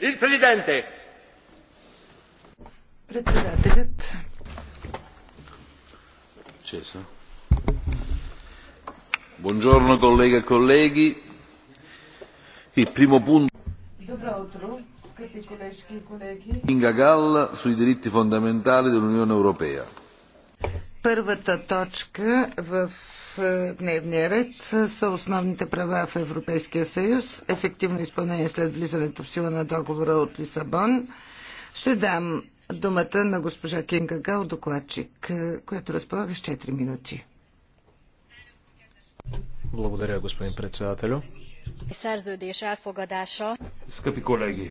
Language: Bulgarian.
Il Presidente. Председателят. Чеса. Buongiorno colleghe e colleghi. Il primo punto. Добро утро, скъпи колежки и колеги. Инга Галла sui diritti fondamentali dell'Unione Europea. Първата точка в е, дневния ред са основните права в Европейския съюз, ефективно изпълнение след влизането в сила на договора от Лисабон. Ще дам думата на госпожа Кинга Гал, докладчик, е, която разполага с 4 минути. Благодаря, господин председателю. Е, Скъпи колеги,